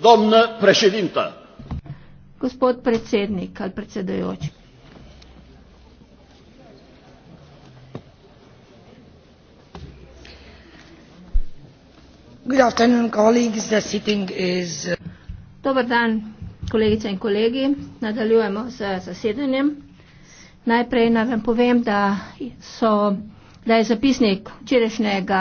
Doamnă președintă! Gospod predsednik ali predsedujoči. Good afternoon, colleagues. The sitting is... Uh, Dobar dan, kolegice in kolegi. Nadaljujemo z zasedanjem. Najprej naj vam povem, da, so, da je zapisnik včerajšnjega